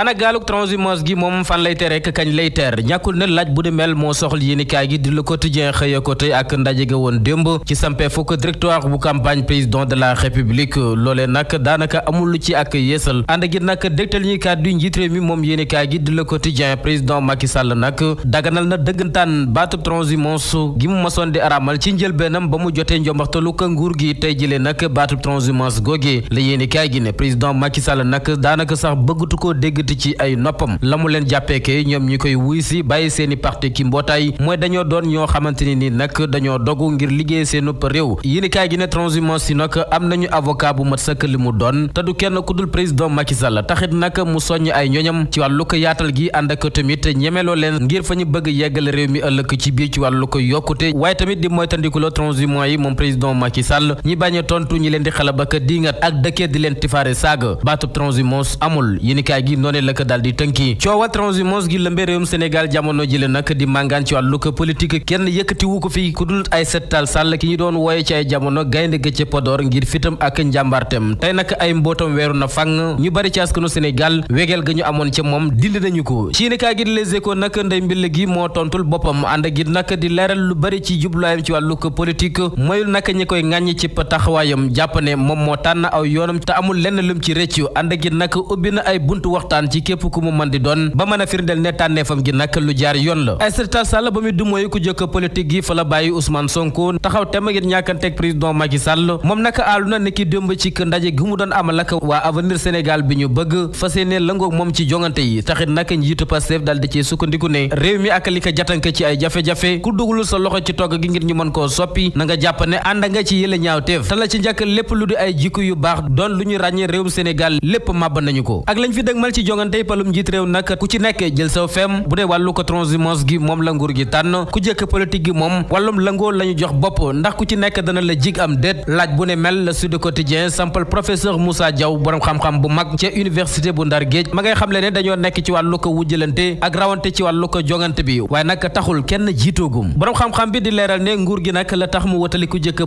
ana gaalug transhumance gi moom fan lay tere ak kañ lay teer ñàkkul na laaj bu di mel moo soxal yéenikaay gi di le quotidien xëya ko tey ak ndaje ga woon démb ci sampe fukk directoire bu campagne président de la république loolee nag daanaka amul lu ci ak yeesal ànd gi nag dégtal ñuy kàddu njiit réew mi moom yéenikaay gi di la le quotidien président Macky Sall nag daganal na dëggantaan baatub transhumance gi mu masoon di araamal ci njël njëlbeenam ba mu jotee njombaxtalu ka nguur gi tey jëlee nag baatub transhumance googe la yéenikaay gi ne président Macky Sall nag daanaka sax bëggatu koo dégg métti ci ay noppam la mu leen jàppeekee ñoom ñi koy wuy si bàyyi seeni parti ki mbootaay mooy dañoo doon ñoo xamante ni nii nag dañoo dogu ngir liggéey seenupp réew yéenikaay gi ne transhumance yi nag am nañu avocat bu mat sëkk li mu doon te du kenn ku dul président Macky Sall taxit nag mu soññ ay ñoñam ci wàllu ko yaatal gi ànd ak tamit ñemeloo leen ngir fa ñu bëgg yeggal réew mi ëllëg ci biir ci wàllu ko yokkute waaye tamit di moytandikuloo transhumance yi moom président Macky Sall ñi bañ a tontu ñi leen di xalabaka diingat ak dëkkee di leen tifaare saaga baatub transhumance amul yéenikaay gi noonee la ko daal di tënki coowa transhumance gi lëmbee réewum Sénégal jamono ji la nag di màngaan ci wàllu ko politique kenn yëkkati wu ko fi ku dul Aïssata Tall Sall ki ñu doon wooye ci ay jamono gaynde ga ca Podor ngir fitam ak njàmbartem tey nag ay mbootam weeru na fang ñu bari ci askanu wegeel ga ñu amoon ca moom dindi nañu ko ci yéenekaay gi Les Échos nag ndey mbill gi moo tontul boppam ànd gi nag di leeral lu bari ci jubluwaayam ci wàllu ko politique moyul nag ñi koy ŋàññi ci taxawaayam jàpp moom moo tànn aw yoonam te amul lenn lum ci rëccu ànd gi nag ubbi na ay buntu waxtaan waxtaan ci képp ku mu mën di doon ba mën a firndeel ne tànneefam gi nag lu jaar yoon la Aïssata Tall Sall ba muy dumooyu ku jëkk politique gi fa la bàyyi Ousmane Sonko taxaw tem ngir ñàkkanteeg président Macky Sall moom nag àllu na ni ki démb ci ndaje gi mu doon amal ak waa avenir Sénégal bi ñu bëgg fas yéene lëngoog moom ci jongante yi taxit nag njiitu Pastef dal di ci sukkandiku ne réew mi ak li ko jatanka ci ay jafe-jafe ku dugalul sa loxo ci togg gi ngir ñu mën koo soppi na nga jàpp ne ànd nga ci yële ñaawteef te la ci njëkk lépp lu di ay jikko yu baax doon lu ñu ràññee réewum Sénégal lépp màbb nañu ko ak lañ fi dëgmal ci jongante palum njiit réew nag ku ci nekk jël saw fem bu dee wàllu ko transhumance gi moom la nguur gi tànn ku jëkk politique gi moom wàllum lëngoo la jox bopp ndax ku ci nekk dana la jig am déet laaj bu ne mel la Sud Quotidien sampal professeur Moussa Diaw borom xam-xam bu mag ca université bu Ndar ma ngay xam ne dañoo nekk ci wàllu ko wujjalante ak rawante ci wàllu ko jongante bi waaye nag taxul kenn jiitoogum borom xam-xam bi di leeral ne nguur gi nag la tax mu wëtali ku jëkk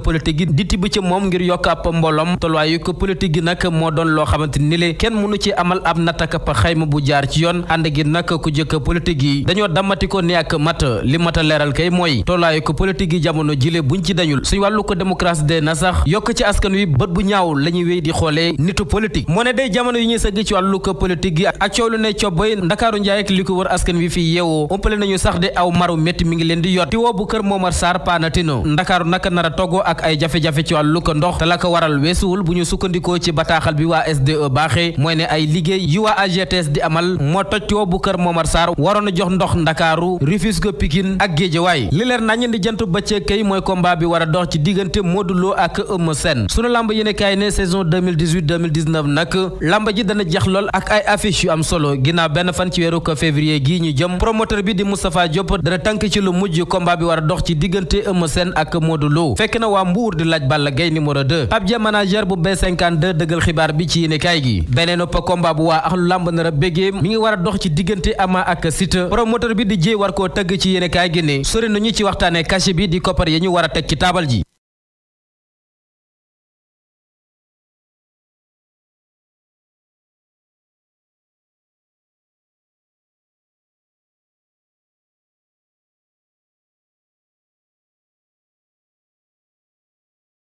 xayma bu jaar ci yoon ànd gi nag ku jëkk politique yi dañoo dammati ko mat li mat a leeral kay mooy tollaayu ko politique yi jamono jile buñ ci dañul suñ wàllu ko démocratie dee na sax yokk ci askan wi bët bu ñaaw la ñuy di xoolee nitu politique moo ne day jamono yi ñuy sëgg ci wàllu ko politique yi ak coow lu ne cobboy ndakaaru njaay ak li ko wër askan wi fii yeewoo ëmpale nañu sax de aw maru métti mi ngi leen di yot ti bu kër Momar Sarr paanatino a UNATES di amal moo toj tuyau bu kër Momar Sarr waroon a jox ndox Ndakaaru Rufisque Pikine ak Guédiawaye li leer nañ di jant bëccëg kay mooy combat bi war a dox ci diggante Modou ak Eumeu Sène sunu lamb yéene ne saison 2018 2019 ji dana jax lool ak ay affiche yu am solo ginnaaw benn fan ci weeru ko février gi ñu jëm promoteur bi di Moustapha Diop dana tànk ci lu mujj combat bi war a dox ci diggante Eumeu Sène ak Modou Lo fekk na waa Mbour di laaj Balla Gaye numéro 2 Pape Dia manager bu B52 dëggal xibaar bi ci yéene kaay gi beneen combat bu waa axlu nar a bégee mi ngi war a dox ci diggante Ama ak Siteu promoteur bi di jéey war koo tëgg ci yéenekaay gi ne sori nañu ci waxtaane cachet bi di koppar yi ñu war a teg ci taabal ji